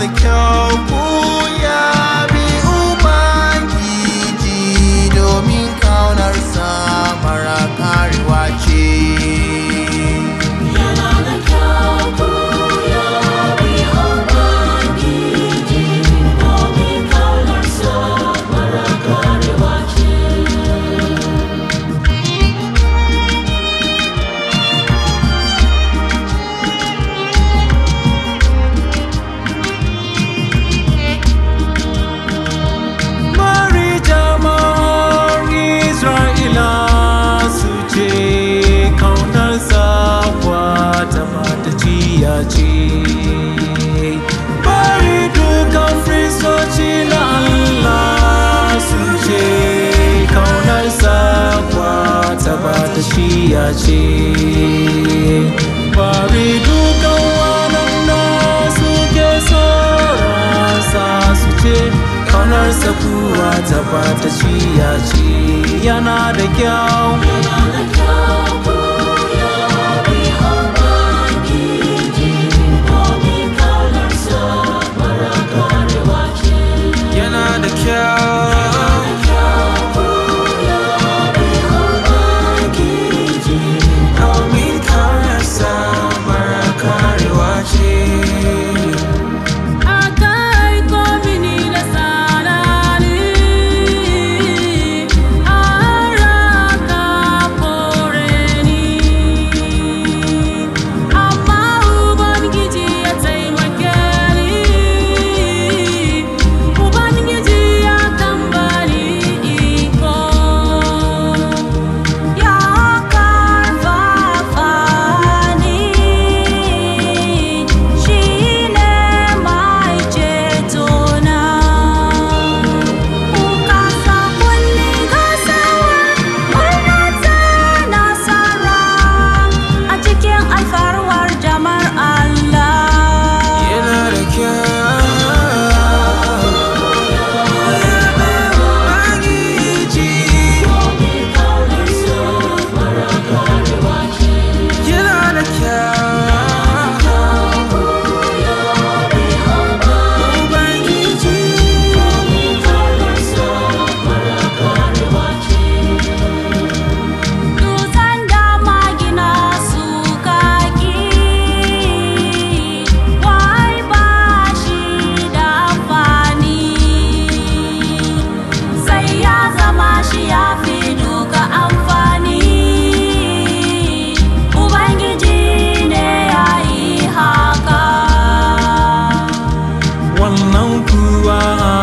the cure soyayya ce bari dukan wannan na suke sa su ce kaunar kuwa ta fata ciya ce yana da kyau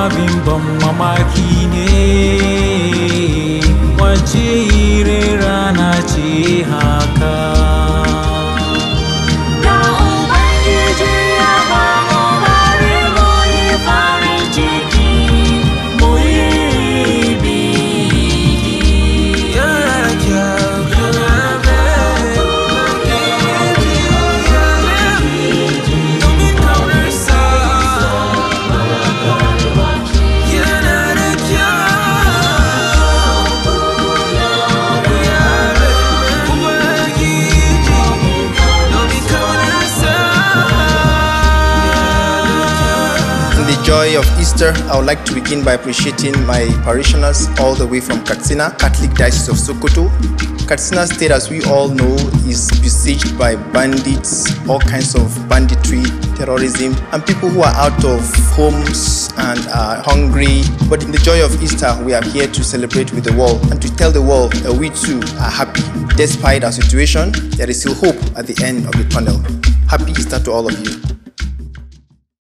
abin ban mamaki ne wace irin joy of Easter, I would like to begin by appreciating my parishioners all the way from Katsina, Catholic Diocese of Sokoto. Katsina State, as we all know, is besieged by bandits, all kinds of banditry, terrorism, and people who are out of homes and are hungry. But in the joy of Easter, we are here to celebrate with the world and to tell the world that we too are happy. Despite our situation, there is still hope at the end of the tunnel. Happy Easter to all of you.